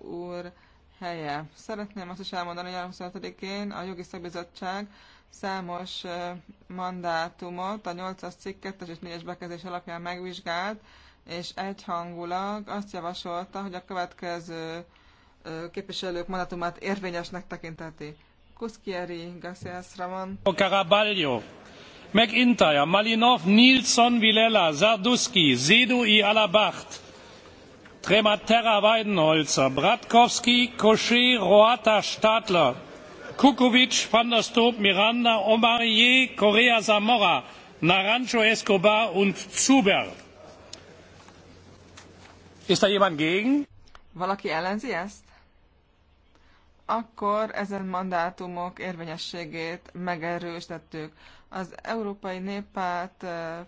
úr helye. Szeretném azt is elmondani, hogy a 25-én a jogi szakbizottság számos mandátumot a 8-as cikk 2 és 4-es bekezdés alapján megvizsgált, és egyhangulag azt javasolta, hogy a következő képviselők mandátumát érvényesnek tekinteti. Kuszkieri, Gassias Ramon. Caraballo. McIntyre, Malinov, Nilsson, Vilela, Zarduski, Zedu i Alabacht trematerra weidenholzer bratkowski kouchet roata stadler kukovi van der stoep miranda omarjee correia zamora naranjo escobar und zuber. ist da jemand gegen? valaki ellenzi ezt? akkor ezen mandátumok érvényességét megerősítettük. Az Európai Néppárt eh,